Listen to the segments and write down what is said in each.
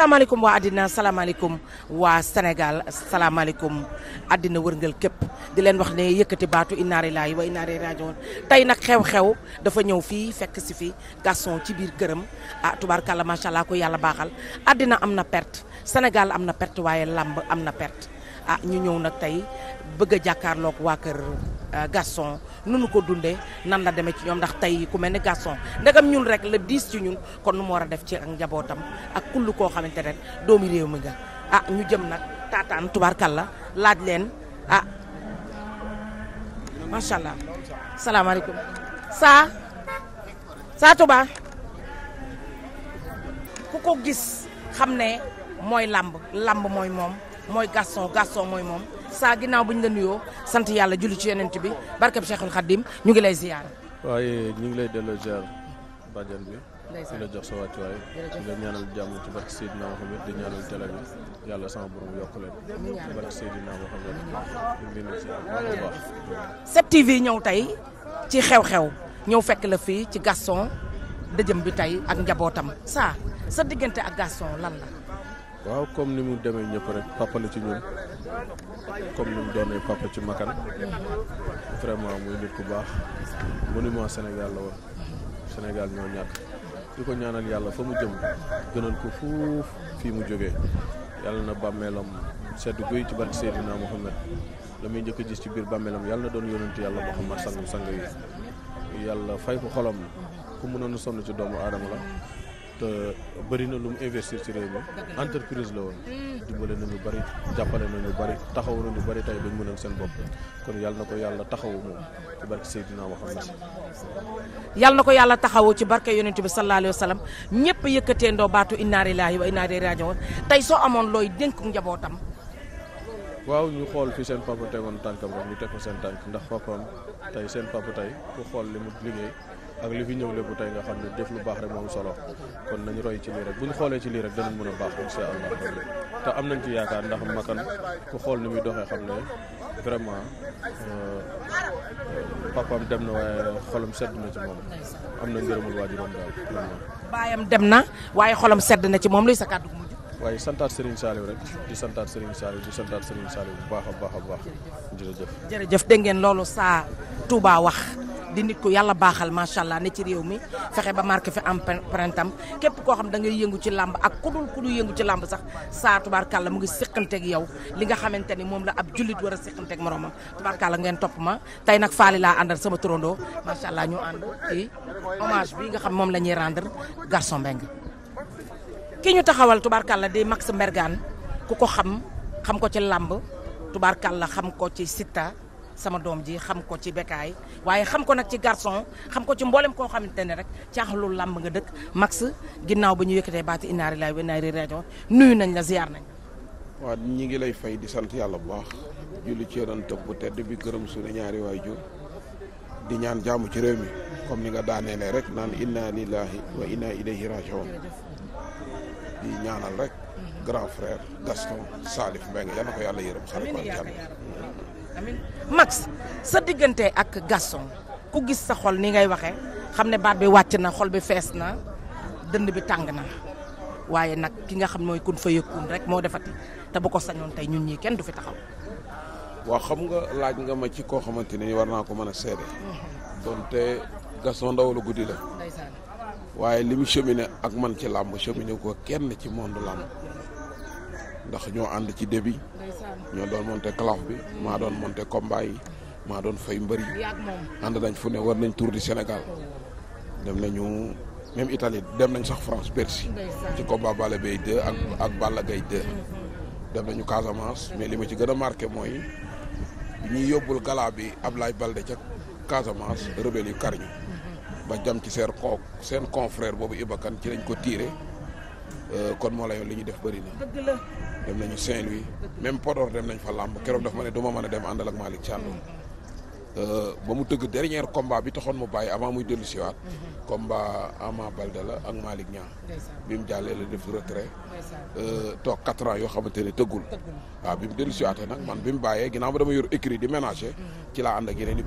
salaamaaleykum waa àddina salaamaaleykum waa Sénégal salaamaaleykum àddina wërngal képp di leen wax ne yëkkati baatu inna lillahi wa inna ilayhi raji'un tey nag xew-xew dafa ñëw fii fekk si fi Gaston ci biir këram ah tubaarkàlla macha allah ko yàlla baaxal àddina am na perte Sénégal am na perte waaye làmb am na perte. ah ñu ñëw nag tey bëgg a jàkkaarloog waa kër euh, Gaston nu nu ko dundee nan la demee ci ñoom ndax tey ku mel ne Gaston ndegam ñun rek la diis ci ñun kon nu mu war a def ci ak njabootam ak kullu koo xamante ne doomi réew mi nga ah ñu jëm nag taataan tubaarkalla laaj leen ah macha allah salaamaaleykum saa saa Touba ko gis xam ne mooy làmb làmb mooy moom. mooy Gaston Gaston mooy moom saa ginnaaw bu ñu la nuyoo sant yàlla julli ci yonent bi barkeb Cheikhul Khadim ñu ngi lay ziar. waaye ñu ngi lay delloo ziar bàjjan bi. di la jox sa wàccuwaay di la ñaanal jàmm ci barke Seydina Mohamed di ñaanal télé bi yàlla sama borom yokk leen ci barke tv ñëw tey ci xew-xew ñëw fekk la fii ci Gaston dëjëm bi tey ak njabootam saa sa diggante ak Gaston lan la waaw comme ni mu demee ñëpp rek ci ñun comme ni mu doonee papa ci Makan vraiment muy nit ku baax monument Sénégal la woon Sénégal ñoo ñàkk di ko ñaanal yàlla fa mu jëm gënal ko fuuf fii mu jóge yàlla na bàmmeelam sedd guy ci barke Seydina Mohamed la muy njëkk a ci biir bàmmeelam yàlla na doon yonentu yàlla Mohamed sangam sang yi yàlla fay ko xolam ku mënoon a sonn ci doomu aadama la te na lu mu ci réew mi entreprise la woon dimbale na ñu bëri jàppale na ñu taxaw na ñu bëri tey seen bopp kon yàlla na ko yàlla taxawu moom ci barke Seydina na ko yàlla taxawu ci barke yonent bi sallallahu alayhi ñëpp yëkkatee ndoo baatu inna lillahi wa inna ilayhi raji'un tey soo amoon looy dénk njabootam waaw ñu xool fi seen papa tegoon tànkam rek ñu teg ko seen tànk ndax papam tey seen papa tey ku xool li mu liggéey ak li fi ñëw bu tey nga xam ne def lu baax rek moom solo kon nañu roy ci lii rek bu ñu xoolee ci lii rek danañ mën a baax insha allah te am nañ ci yaakaar ndax makan ku xool ni muy doxee xam ne vraiment euh, papaam dem na waaye xolam sedd na ci moom am na ngërëmul waajuram daal. baayam dem na waaye xolam sedd na ci moom luy sa kàddu waaye santaat Serigne Saliou rek di santaat Serigne Saliou di santaat Serigne Saliou bu baax a baax a baax jërëjëf. ngeen loolu saa Touba wax di nit ko yàlla baaxal macha allah ne ci réew mi fexe ba marqué fi empreinte am képp koo xam da ngay yëngu ci làmb ak ku dul ku yëngu ci làmb sax saa la mu ngi siqanteeg yow li nga xamante ni moom la ab jullit war a siqanteeg moromam la ngeen topp ma tey nag faali laa àndal sama turandoo macha allah ñu ànd ci hommage nga xam moom la ñuy rendre Gaston Mbengue ki ñu taxawal la di Max Mbergane ku ko xam xam ko ci làmb la xam ko ci Siteu sama doom ji xam ko ci Bécaye waaye xam ko nag ci garçon xam ko ci mboolem koo xamante ne rek caaxlu làmb nga dëkk Max ginnaaw ba ñu yëkkatee baati inaari laay wa inaari rajo nuyu nañ la ziar nañ waaw ñi ngi lay fay di sant yàlla bu baax julli ci yonent bu tedd bi gërëm suñu ñaari waajur di ñaan jaamu ci réew mi comme ni nga daaneelee rek naan inna lillahi wa inna ilayhi rajiun di ñaanal rek grand frère Gaston Salif Mbengue yal na ko yàlla yërëm xale ko aljanna Max sa diggante ak Gaston ku gis sa xol ni ngay waxe xam ne baat bi wàcc na xol bi fees na dënd bi tàng na waaye nag ki nga xam mooy kun fa yëkkun rek moo defati te bu ko sañoon tey ñu ñii kenn du fi taxaw waaw xam nga laaj nga ma ci koo xamante ni war naa ko mën a seede mhm. donte Gaston ndaw la guddi la waaye li mu cheminé ak man ci làmb cheminé ko kenn ci monde làmb ndax ñoo ànd ci début ñoo doon monte calaf bi maa doon monte combat yi maa doon fay mbëri ànd nañ fu ne war nañ tour du Sénégal dem nañu même Italie dem nañ sax France Bercy ci combat Balla Gaye 2 ak ak Balla Gaye mm-hmm. dem nañu Casamance mais li ma ci gën a marqué mooy bi ñuy yóbbul gala bi Ablaye Balde ca Casamance rebelle yu kariñu ba jam ci seen koo seen confrère boobu Iba ci lañ ko tiire euh, kon moo la yoon li ñu def bëri na. dëgg la dem nañu Saint-Louis. même Podor dem nañ fa làmb keroog dafa ma ne du ma mën a dem àndal ak Malick Thiandoum. Mm-hmm. Euh, ba mu tëgg dernier combat bi taxoon mu bàyyi avant muy dellu siwaat mm-hmm. combat Ama Baldé la ak Malick Niang bi mu jàllee la def retrait euh, toog quatre ans yoo xamante ne tëggul waaw bi mu dellu siwaatee nag man bi mu bàyyee ginnaaw ba dama yor écrit di ménager mm-hmm. ci laa ànd ak yeneen i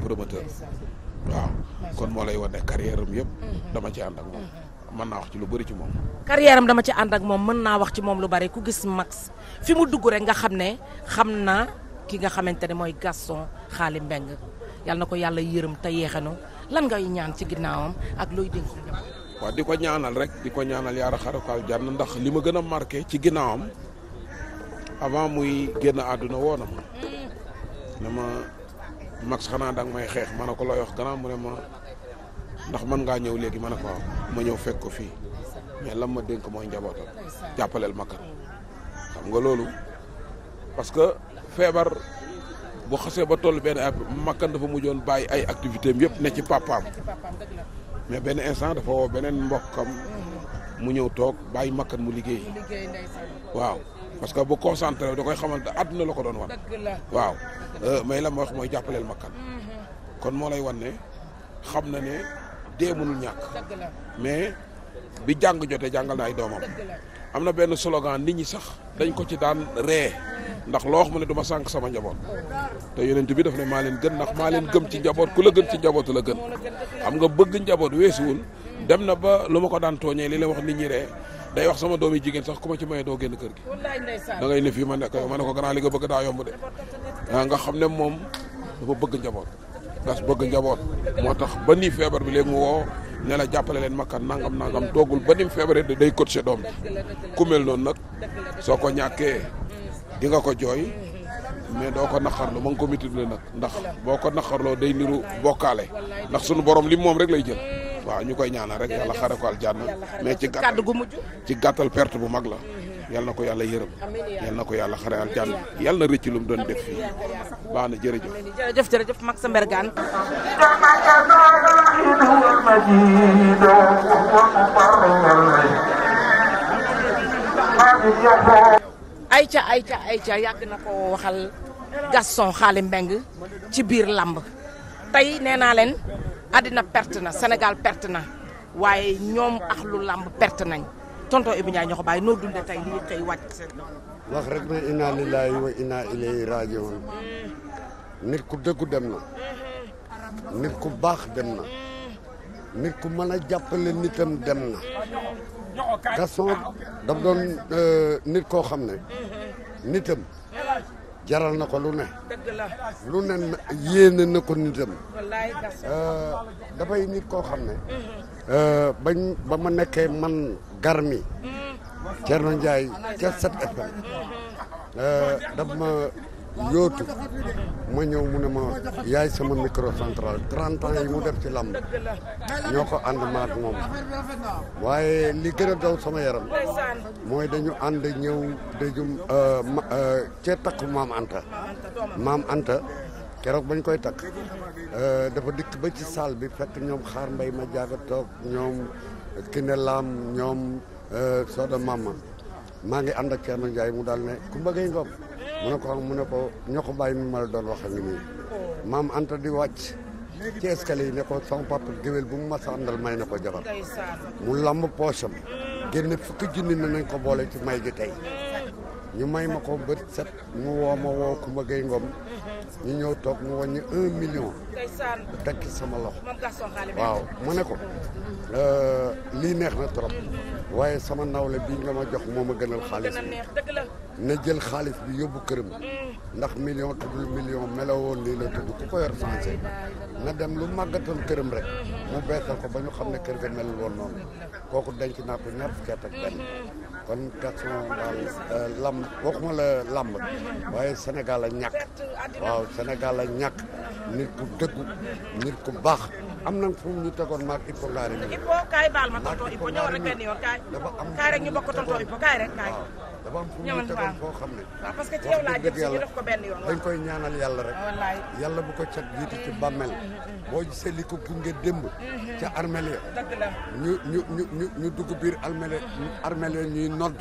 waaw kon moo lay wane carrière am yëpp mhm. dama ci ànd ak moom mhm. mën naa wax ci lu bëri ci moom carrière am dama ci ànd ak moom mën naa wax ci moom lu bari ku gis Max fi mu dugg rek nga xam ne xam naa ki nga xamante ne mooy Gaston Xaali Mbeng yàlla na ko yàlla yërëm te yeexanu lan ngay ñaan ci ginnaawam ak looy dénk waaw di ko ñaanal rek di ko ñaanal yaara xarakaaw jànn ndax li ma gën a marqué ci ginnaawam avant muy génn àdduna woona mhm. ma max xanaa da may xeex man ne ko looy wax gannaaw mu ne ma ndax mën ngaa ñëw léegi ma ne ko waaw ma ñëw fekk ko fii mais lan ma dénk mooy njabootam jàppaleel ma kat xam nga loolu parce que feebar bu xasee ba toll benn ab makkan dafa mujjoon bàyyi ay activité yëpp ne ci papaam mais benn instant dafa woo beneen mbokkam mu ñëw toog bàyyi makkan mu liggéey waaw parce que bu concentré wu da koy xamante àdduna la ko doon wan. waaw euh, may la ma wax mooy jàppaleel makkan. Mm-hmm. kon moo lay wan xam na ne dee mënul ñàkk. mais bi jàng jotee jàngal na ay doomam. am na benn slogan nit ñi sax dañ ko ci daan ree. ndax loo xam ne du ma sànq sama njaboot te yonent bi daf ne maa leen gën ndax maa leen gëm ci njaboot ku la gën ci njabootu la gën xam nga bëgg njaboot weesuwul dem na ba lu ma ko daan tooñee li la wax nit ñi ree day wax sama doom yi jigéen sax ku ma ci maye doo génn kër gi da ngay ne fii ma nekk ma ne ko gannaaw li nga bëgg daa yomb de ah, nga xam ne moom dafa bëgg njaboot gas bëgg njaboot moo tax ba nii feebar bi léegi mu woo ne la jàppale leen makka nangam nangam toogul ba ni mu feebaree day coaché doom ku mel noonu nag soo ko ñàkkee di nga ko jooy mais doo ko naqarlu ma ngi ko métti nag ndax boo ko naqarloo day niru bokkaale ndax sunu borom li moom rek lay jël waaw ñu koy ñaanal rek yàlla xare ko aljanna mais ci gàttal ci gàttal perte bu mag la mm-hmm. yal ko yàlla yërëm yal na ko yàlla xare aljanna yal na rëcc lu mu doon def fii baax na jërëjëf jërëjëf jërëjëf mag sa mbergaan ayca ayca ayca yàgg na ko waxal Gaston Xaali Mbeng ci biir làmb tey nee leen àddina perte na Sénégal perte na waaye ñoom ax lu làmb perte nañ tonton Ibou Ndiaye ñoo ko bàyyi noo dundee tey lii xëy wàcc wax rek ne inna lillahi wa inna ilayhi rajiun nit ku dëggu dem na nit ku baax dem na nit ku mën a le nitam dem na Gaston daf doon euh, nit koo xam ne nitam jaral na ko lu ne lu ne yéene na ko nitam euh, dafay nit koo xam ne mm-hmm. euh, bañ ba ma nekkee man garmi mm-hmm. Thierno Ndiaye ca 7 FM mm-hmm. euh, daf ma yootu ma ñëw mu ne ma yaay sama microcentral 30 ans yi mu def ci làmb ñoo ko ànd maag moom waaye li gën a daw sama yaram mooy dañu ànd ñëw dajum euh, euh, cee takk maam Anta maam Anta keroog bañ koy takk euh, dafa dikk ba ci salle bi fekk ñoom xaar mbay ma a toog ñoom Kine Lam ñoom Soda Mama maa ngi ànd ak Thierno Ndiaye mu daal ne ku mbëggee ngoom mu ne ko mu ne ko ñoo ko bàyyi mi ma la doon wax a ngi nii maam Anta di wàcc ci escalier yi ne ko sama papa géwél bu mu mas a may na ko jabar mu lamb poosam génne fukki junni na nañ ko boole ci may gi tey ñu may ma ko bët set mu woo ma woo Kumba Gay Ngom ñu ñëw toog mu wàññi un million tekki sama lox waaw mu ne ko euh, lii neex na trop waaye sama nawle bii nga ma jox moo ma gënal xaalis bi na jël xaalis bi yóbbu këram mm. ndax million tuddul million melawoon lii la tudd ku ko yor changé na dem lu màggatoon këram rek mm-hmm. mu beesal ko ba ñu xam ne kër ga melul woon noonu kooku denc naa ko ñaar fukki at mm-hmm. kon question daal euh, làmb waxuma la làmb mm-hmm. waaye Sénégal a ñàkk waaw Sénégal a ñàkk nit ku dëggu nit ku baax am nañ fu ñu tegoon maag Ipo Ngaari. Ipo kaay baal ma tonton Ipo ñëw rek benn yoon kaay. am kaay rek ñu bokk tonton Ipo kaay rek kaay. dafa am fu mu tegoon foo xam ne waaw parce que ci laa jëm si ñu def koy ñaanal yàlla rek oh, yàlla bu ko cat jiitu ci mm-hmm. bameel mm-hmm. mm-hmm. boo gisee li ko gunge démb ca armel ya ñu ñu ñu ñu dugg biir armel armel ya ñuy nodd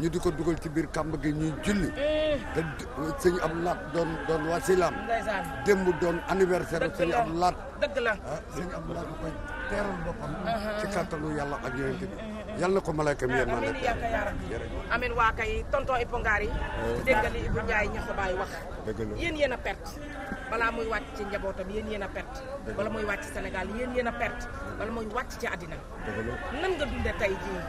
ñu di ko dugal ci biir kàmb gi ñuy julli te sëñ ab laat doon doon wasilaam démb doon anniversaire sëñ ab laat dëgg la ah, sëñ ab laat bu koy yàlla na ko malaayka mi yéen waa kay tonton Ibou Ngari eh. dégg nga li baay wax yéen yéen a perte balaa muy wàcc ci njabootam yéen yéen a perte bala muy wàcc ci àddina nan nga dunde tey jii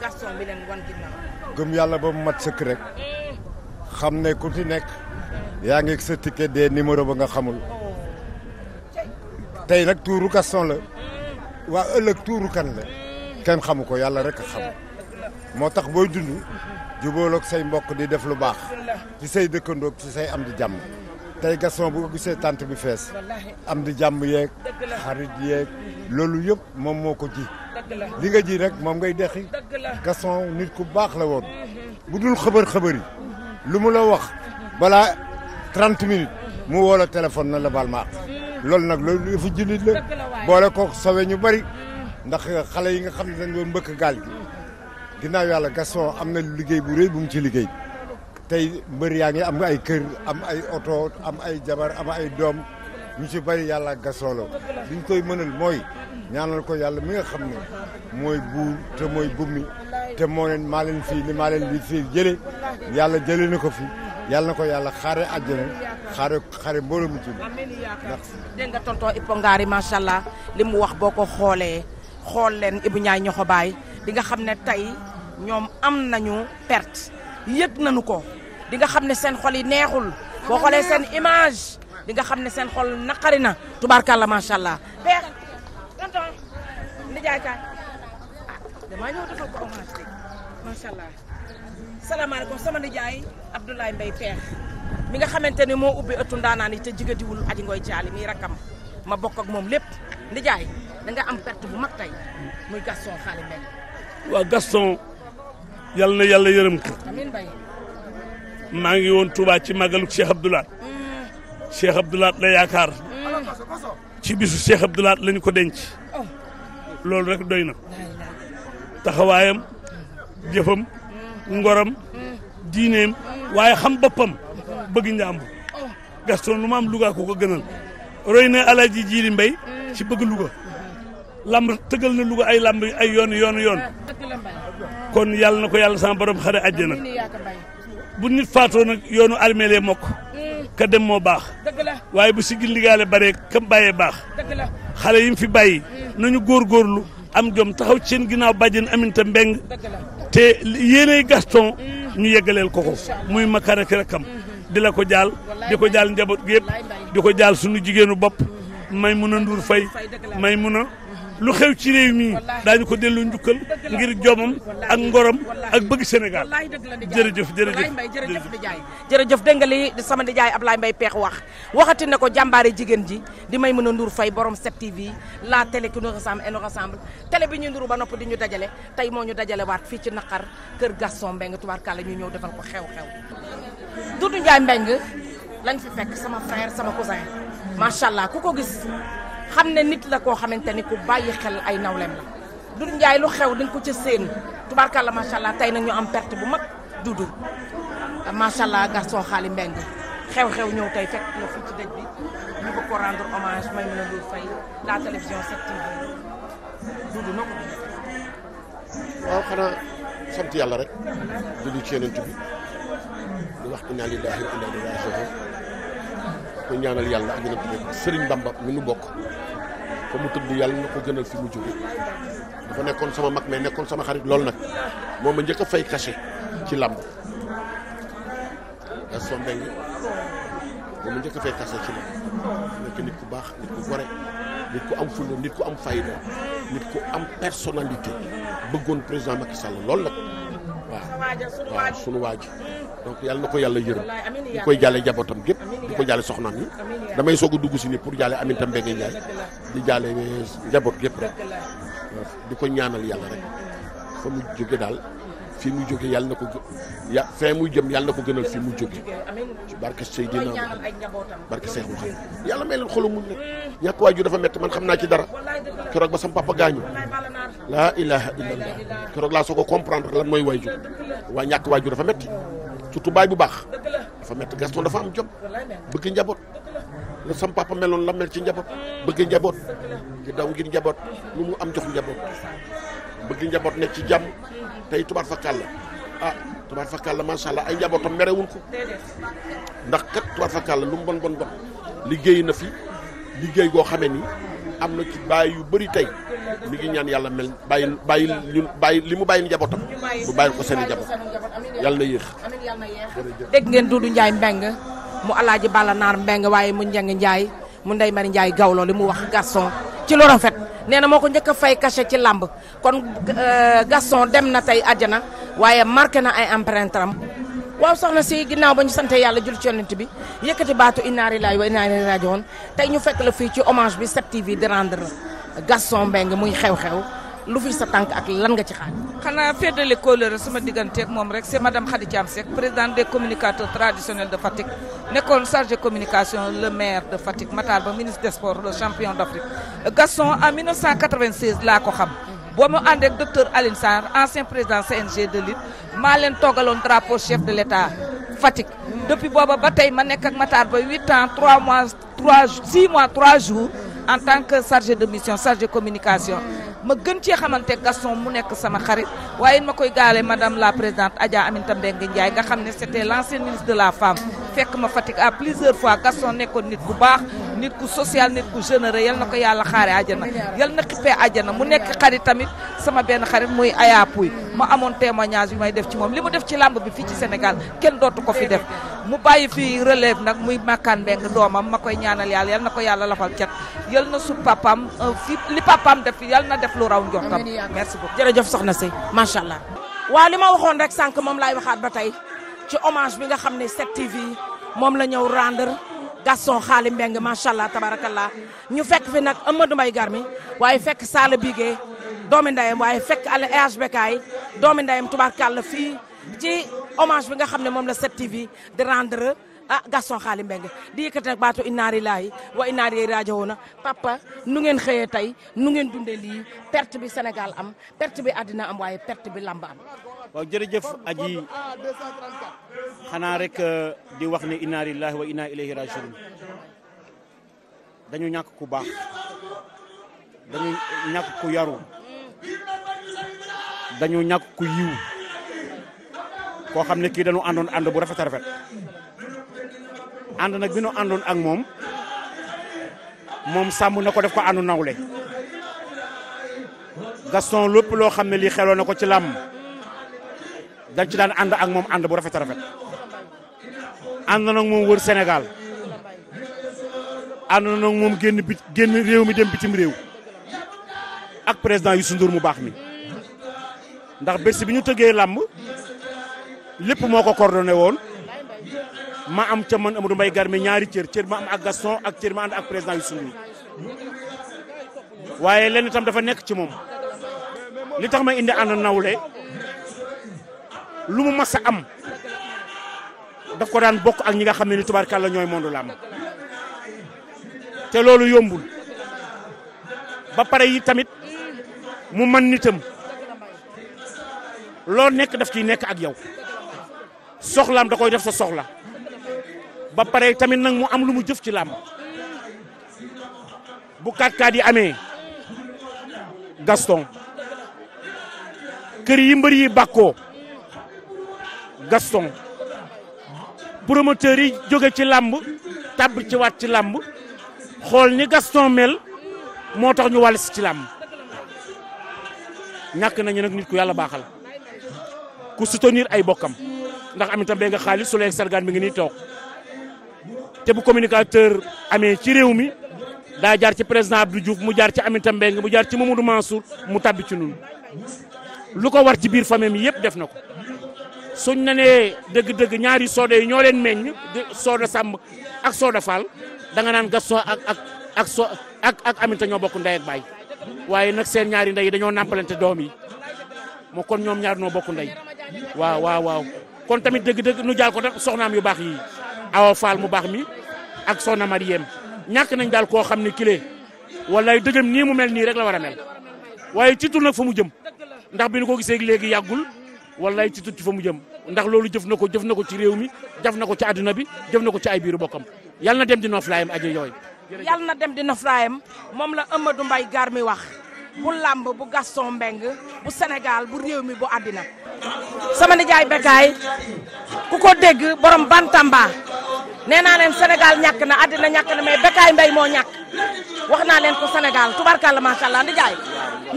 Gaston bi leen wan ginnaaw gëm yàlla ba mu mat sëkk rek eh. xam ne ku ci nekk yaa ngi sa ticket de numéro ba nga xamul oh. tey nag tuuru Gaston la eh. waa ëllëg tuuru kan la kenn xamu ko yàlla rek a xam moo tax booy dund jubóoloog say mbokk di def lu baax ci say dëkkandoog ci say am di jàmm tey Gaston bu ko gisee tant bi fees am di jàmm yeeg xarit yeeg loolu yëpp moom moo ko ji li nga ji rek moom ngay dexi Gaston nit ku baax la woon bu dul xëbër xëbër yi lu mu la wax balaa 30 minutes mu woo la téléphone na la baal ma nag loolu yëfu jullit la boole ko sowe ñu bari ndax xale yi nga xam ne dañ doon mbëkk gaal gi yàlla Gaston am na liggéey bu rëy bu mu ci liggéey tey mbër yaa ngi am ay kër am ay oto am ay jabar am ay doom ñu ci bari yàlla ak Gaston la liñ koy mënal mooy ñaanal ko yàlla mi nga xam ne mooy buur te mooy bummi te moo leen maa fii ni maa leen li fii jële yàlla jële na ko fi yàlla na ko yàlla xaare àjjana xaare xaare mbooloo mu ci ndax dégg nga tonton Ipongaari macha allah mu wax boo ko xoolee xool leen Ibou Ndiaye ñoxo baay di nga xam ne tey ñoom am nañu perte yëg nañu ko di nga xam ne seen xol yi neexul boo xoolee seen image di nga xam ne seen xol naqari na tubaarkàlla macha allah. père tonton nijaay kaay ah damaa ñëw defal ko hommage de macha mi nga xamante ne moo ubbi ëttu ndaanaan yi te jigadiwul aji ngoy caali mii rakkam ma bokk ak moom lépp. nijaay da nga am perte bu mag tey Gaston Xaali na yàlla yërëm ko. amiin maa ngi woon Touba ci màggalu Cheikh Abdoulaat. Mm. Cheikh Abdoulaat la yaakaar. Mm. ci bisu Cheikh Abdoulaat lañ ko denc. Oh. loolu rek doy na. taxawaayam mm. jëfam ngoram diineem waaye xam boppam bëgg njàmbur oh. Gaston lu ma am Louga ko ko gënal. roy na Alaaji Jiili Mbay mm. ci bëgg Louga lamb tëggal na Louga ay lamb ay yoon yoon yoon kon yàlla na ko yàlla sama borom xare àjjana bu nit faatoo nag yoonu armée lee mokk mm. ka dem moo baax waaye bu si gil ligaale bare kam bàyyee baax xale yi mu fi bàyyi mm. nañu góorlu am jom taxaw ci seen ginnaaw bàjjen Aminata Mbeng te yéenay Gaston ñu yeggaleel ko ko muy makaraki rakkam mm-hmm. di la ko jaal di ko jaal njaboot gi yëpp di ko jaal sunu jigéenu bopp mm-hmm. may mun a nduur fay may mun a mm-hmm. lu xew ci réew mii daañu ko dellu njukkal ngir jomam ak ngorom ak bëgg Sénégal jërëjëf jërëjëf jërëjëf Ndiaye jërëjëf dégg nga li sama Ndiaye Ablaye Mbaye Peex wax waxati na ko jàmbaare jigéen ji di may mën a nduur fay borom 7TV la télé qui nous ressemble tele bi ñu nduru ba nopp di ñu dajale tey moo ñu dajale waat fii ci naqar kër Gaston Mbengue tubaarkàlla ñu ñëw defal ko xew-xew Doudou Ndiaye Mbengue lañ fi fekk sama frère sama cousin macha allah ku ko gis xam ne nit la koo xamante ni ku bàyyi xel ay nawlem la Doudou Ndiaye lu xew dañ ko ci seen tubaarkàlla macha allah tey nag ñu am perte bu mag Doudou macha allah garçon xaali xew-xew ñëw tey fekk na fii ci dëj bi ñu ko ko rendre hommage may mën a dul fay la télévision 7TV Doudou noo waaw xanaa sant yàlla rek julli ci Yonent bi di wax inna lillahi wa inna ñaanal yàlla ak yonent bi Sëriñ Bamba mi nu bokk fa mu tëdd yàlla na ko gënal fi mu jóge dafa nekkoon sama mag mais nekkoon sama xarit loolu nag moom ma njëkk a fay kase ci làmb Gaston Mbengue moom ma njëkk a fay kase ci làmb nekk nit ku baax nit ku gore nit ku am fulla nit ku am fayda nit ku am personnalité bëggoon président Macky Sall loolu nag waaj donc yàlla na ko yàlla yërëm di koy jàlle njabootam gépp di ko jàlle soxnaam yi damay soog a dugg si ni pour jàlle Aminata Mbengue Ndiaye di jàlle euh, njaboot gépp rek di ko ñaanal yàlla rek fa mu jóge daal fii mu jóge yàlla na ko ya fee muy jëm yàlla ko gënal fii mu jóge ci barke Seydina barke Seexul Xadim yàlla may leen xolu muñ ne mm. ñàkk waajur dafa métti man xam naa ci dara keroog ba sam papa gaañu laa ilaha illallah keroog laa soo ko comprendre lan mooy waajur waa ñàkk waajur dafa métti surtout baay bu baax dafa métti Gaston dafa am jom bëgg njaboot la sam papa meloon la mel ci njaboot bëgg njaboot di daw ngir njaboot lu mu am jox njaboot bëgg njaboot nekk ci jàmm tey tubaar fakkaal la ah tubaar fakkaal la macha ay njabootam merewul ko ndax kat tubaar fakkaal la lu mu bon bon bon liggéey na fi liggéey goo xamee ni am na ci bàyyi yu bëri tey mi ngi ñaan yàlla mel bàyyi bàyyi ñun bàyyi li mu bàyyi njabootam bu bàyyi ko seen i njaboot yàlla na yéex dégg ngeen Doudou Ndiaye Mbengue mu alaaji Balla Naar Mbengue waaye mu Njeng Ndiaye mu Ndey Mari Ndiaye gawlo li mu wax Gaston ci lu rafet nee na moo ko njëkk a fay cachet ci làmb kon euh, Gaston dem na tey àjjana waaye marqué na ay empreinte am waaw soxna si ginnaaw ba ñu sante yàlla jul ci yonent bi yëkkati baatu inna lillahi wa inna ilayhi tey ñu fekk la fii ci hommage bi 7TV di rendre Gaston Mbengue muy xew-xew lu fi sa tànk ak lan nga ci xaar. xanaa féddale kóolóore sama digganteeg moom rek c'est madame Khady Thiam Seck présidente des communicateurs traditionnels de Fatick nekkoon chargé communication le maire de Fatick Matar Ba ministre des sports le champion d'Afrique Gaston en 1996 laa ko xam. boo ma ànd ak docteur Alioune Sarr ancien président CNG de lutte maa leen toogaloon drapeau chef de l'état Fatick depuis booba ba tey ma nekk ak Matar ba huit ans trois mois trois six mois trois jours en tant que chargé de mission chargé de communication ma gën cee xamante Gaston mu nekk sama xarit waaye ma koy gaale madame la présidente Adja Aminata Mbengue Ndiaye nga xam ne c'était l'ancien ministre de la femme fekk ma Fatick à plusieurs fois Gaston nekkoon nit bu baax nit ku social nit ku généreux yal na ko yàlla xaare àjjana yal na xippee àjjana mu nekk xarit tamit sama benn xarit muy Aya Pouy amoon témoignage bi mu def ci làmb bi fii ci Sénégal kenn dootu ko fi def mu bàyyi fii relève nag muy makkaan mbeng doomam ma koy ñaanal yàlla yal na ko yàlla lafal cat yal na sut papaam euh, fi li papaam def yal na def lu raw njortam merci beaucoup jërëjëf soxna si macha allah waaw li ma waxoon rek sànq moom laay waxaat ba tey ci hommage bi nga xam Gaston xaali Mbeng macha allah allah ñu fekk fi nag Amadou Mbaye Garmi waaye fekk Sala Bigué doomi ndeyam waaye fekk àll EHBK yi doomi ndeyam tubaarkàlla fii ci hommage bi nga xam ne moom la 7TV di rendre ah Gaston xaali Mbeng di yëkkati nag baatu inna lillahi wa inna ilayhi raaji'uun papa nu ngeen xëyee tey nu ngeen dundee lii perte bi Sénégal am perte bi àddina am waaye perte bi lamba am. waaw jërëjëf aji xanaa rek euh, di wax ne inna lillahi wa inna ilayhi rajiun dañu ñàkk ku baax dañu ñàkk ku yaru dañu ñàkk ku yiw koo xam ne kii dañu àndoon ànd bu rafet a rafet ànd nag bi nu àndoon ak moom moom sàmm na ko def ko àndu nawle Gaston lépp loo xam ne lii xeloo na ko ci làmm dañ ci daan ànd ak moom ànd bu rafet a rafet ànd nag moom wër Sénégal ànd nag moom génn réew mi dem bitim réew ak président Youssou Ndour mu baax mi ndax bés bi ñu tëggee làmb lépp moo ko coordonné woon ma am ca man Amadou Mbaye Garmi ñaari cër cër ma am ak Gaston ak cër ma ànd ak président Youssou Ndour waaye lenn itam dafa nekk ci moom li tax ma indi ànd nawle lu mu mas a am daf ko daan bokk ak ñi nga xam ne ni tubaarkàlla ñooy mondu làmb te loolu yombul ba pare yi tamit mu man nitam loo nekk daf ciy nekk ak yow soxlaam da koy def sa soxla ba pare tamit nag mu am lu mu jëf ci làmb bu kaat-kaat yi amee Gaston kër yi mbër yi bàkkoo Gaston promoteur yi jóge ci làmb tàbb ci waat ci làmb xool ni Gaston mel moo tax ñu wàll si ci làmb ñàkk nañu nag nit ko yàlla baaxal ku soutenir ay bokkam ndax am itam day xaalis su lay sargaan mi ngi nii toog te bu communicateur amee ci réew mi daa jaar ci président Abdou Diouf mu jaar ci Aminata Mbengue mu jaar ci Mamadou Mansour mu tàbbi ci ñun lu ko war ci biir famille mi yëpp def na ko suñ na nee dëgg-dëgg ñaari sooda yi ñoo leen meññ sooda sàmm ak sooda faal da naan Gaston ak ak ak so ak ak Aminta ñoo bokk ndey ak baay waaye nag seen ñaari ndey dañoo nàmpalante doom yi moo kon ñoom ñaar noo bokk ndey waaw waaw waaw kon tamit dëgg-dëgg nu jaal ko nag soxnaam yu baax yi awa faal mu baax mi ak soxna Mariem ñàkk nañ daal koo xam ne kile walaay dëjëm nii mu mel nii rek la war a mel waaye ci tur nag fa mu jëm ndax bi ñu ko gisee léegi yàggul. wallaay ci tucc fa mu jëm ndax loolu jëf na ko jëf na ko ci réew mi jaf na ko ci àdduna bi jëf na ko ci ay biiru bokkam yàlla na dem di noflaayam aji yooyu yàlla na dem di noflaayam moom la Amadou Mbaye gar wax bu làmb bu Gaston Mbengue bu Sénégal bu réew mi bu àddina sama nijaay Bécaye ku ko dégg borom Bantamba nee naa leen Sénégal ñàkk na àddina ñàkk na mais Bécaye mbay moo ñàkk wax naa leen ko Sénégal tubarkalla macha allah nijaay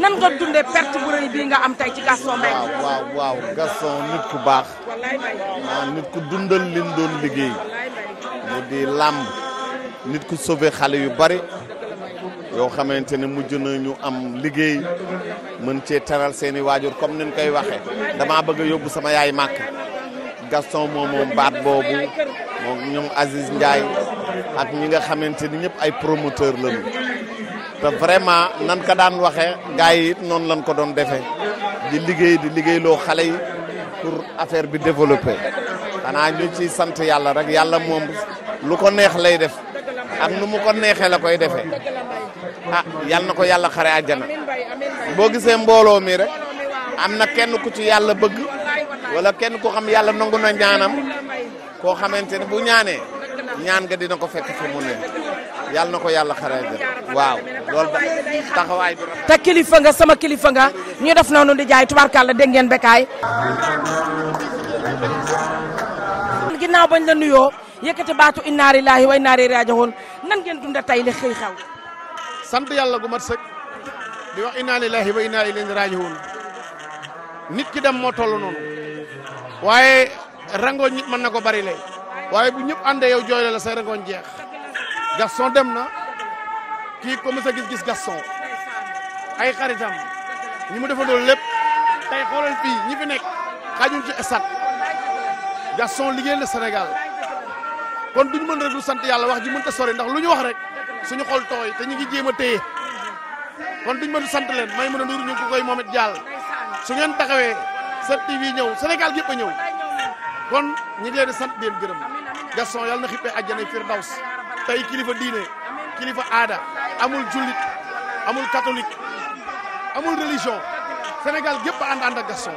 nan nga dundee perte bu rëy bii nga am tey ci Gaston Mbengue. waaw waaw Gaston nit ku baax. maa ah, nit ku dundal liñ doon liggéey. mu di làmb. nit ku sauvé xale yu bari. yoo xamante ne mujj nañu am liggéey mën cee taral seeni waajur comme niñ koy waxee damaa bëgg a yóbbu sama yaay màkk Gaston moom moom baat boobu moom ñoom Aziz Ndiaye ak ñi nga xamante ni ñëpp ay promoteur lañu te vraiment nan ka daan waxee gars yi it noonu lañ ko doon defee di liggéey di liggéeyloo xale yi pour affaire bi développé xanaa ci sant yàlla rek yàlla moom lu ko neex lay def ak nu mu ko neexee la koy defe ah yal na ko yàlla xare àjjana boo gisee mbooloo mi rek am na kenn ku ci yàlla bëgg wala kenn ku xam yàlla nangu na ñaanam koo xamante ne bu ñaanee ñaan nga dina ko fekk fi mu ne yàlla na ko yàlla xaree waaw loolu kilifa nga sama kilifa nga ñu def noonu di jaay tubaarkàlla dégg ngeen bekaay. ginnaaw bañ la nuyoo yëkkati baatu inna lillahi wa inna ilayhi raaji'uun nan ngeen dunda tey li xëy xew. sant yàlla gu mat sëkk di wax inna lillahi wa inna ilayhi raaji'uun nit ki dem moo toll noonu waaye rangoon nit mën na ko bari lay waaye bu ñëpp àndee yow jooy la say rangoon jeex. Gaston dem na kii ko mës gis-gis Gaston ay xaritam ñi mu defandoo lépp tey xoolal fii ñi fi nekk xajuñ ci stade Gaston liggéeyal na Sénégal kon duñu mën rek du sant yàlla wax ji mënta sori ndax lu ñu wax rek suñu xol tooy te ñu ngi jéem a téye kon duñu mën du sant leen may mën a nduur ñu ko koy moom it jàll su ngeen taxawee 7TV ñëw senegal gépp ñëw kon ñi ngi sant di leen gërëm Gaston na xippee àjjana firdaws tey kilifa diine kilifa aada amul jullit amul catholique amul religion Sénégal gépp a ànd ànd ak Gaston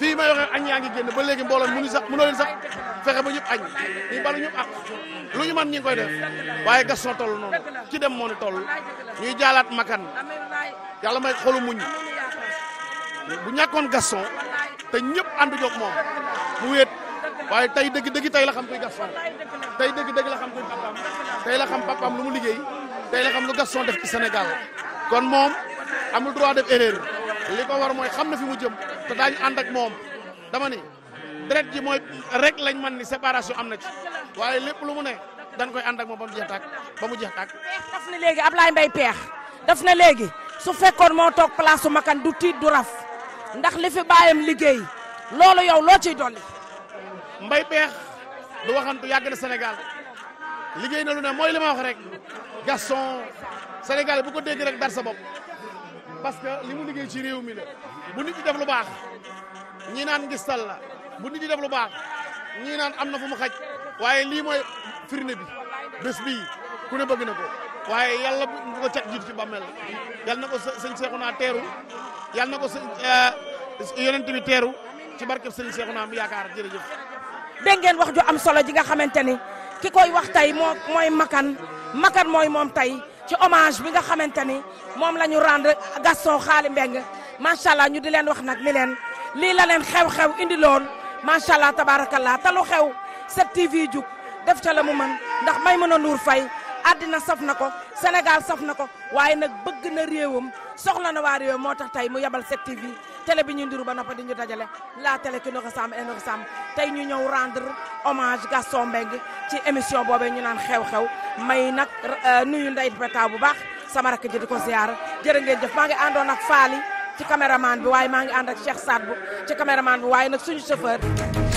fii may waxee añ yaa ngi génn ba léegi mu mënu sax mënoo leen sax fexe ba ñëpp añ fii balu ñëpp ak lu ñu man ñi ngi koy def waaye Gaston toll noonu ci dem moo ni toll ñuy jaalaat makan yàlla may xolu muñ bu ñàkkoon Gaston te ñëpp àndu joog moom mu wéet waaye tey dëgg dëgg tey la xam kuy Gaston tey dëgg dëgg la xam kuy papaam tey la xam papaam lu mu liggéey tey la xam lu Gaston def ci Sénégal kon moom amul droit def erreur li ko war mooy xam ne fi mu jëm te daañu ànd ak moom dama ni direct ji mooy rek lañ man ni séparation am na ci waaye lépp lu mu ne dan koy ànd ak moom ba mu jeex tàkk ba mu jeex tàkk. peex daf na léegi Ablaye Mbaye peex daf na léegi su fekkoon moo toog place su Makan du tiit du raf ndax li fi bàyyam liggéey loolu yow loo ciy dolli. mbay peex du waxantu yàgg na senegal liggéey na lu ne mooy li ma wax rek Gaston senegal bu ko dégg rek dar sa bopp parce que li mu liggéey ci réew mi la bu nit ñi def lu baax ñi naan ngistal la bu nit ñi def lu baax ñi naan am na fu mu xaj waaye lii mooy firnde bi bés bii ku ne bëgg na ko waaye yàlla bu ko cat jiitu ci bàmmeel yàlla na ko sëñ Seexuna teeru yàlla na ko sëñ euh, yonent bi teeru ci barkeb sëñ Seexuna am yaakaar jërëjëf dégg ngeen wax ju am solo ji nga xamante ni ki koy wax tey moo mooy Makan Makan mooy moom tey ci hommage bi nga xamante ni moom la ñu rendre Gaston Xaali Mbeng macha allah ñu di leen wax nag ni leen lii la leen xew-xew indi loon macha allah tabaarakallah te xew 7TV jug def ca la mu mën ndax Maimouna Ndour Faye àddina saf na ko Sénégal saf na ko waaye nag bëgg na réewam soxla na waa réewam moo tax tey mu yebal 7TV. télé bi ñu ndiru ba noppi di ñu dajale la télé ki no ko sàmm eno ko sàmm tey ñu ñëw rendre hommage Gaston Mbengue ci émission boobee ñu naan xew-xew may nag euh, nuyu Ndeye Pétaw bu baax sama rakk ji di ko ziar jërë ngeen jëf maa ngi àndoon ak Faly ci caméraman bi waaye maa ngi ànd ak Cheikh Sadbou ci caméraman bi waaye nag suñu chauffeur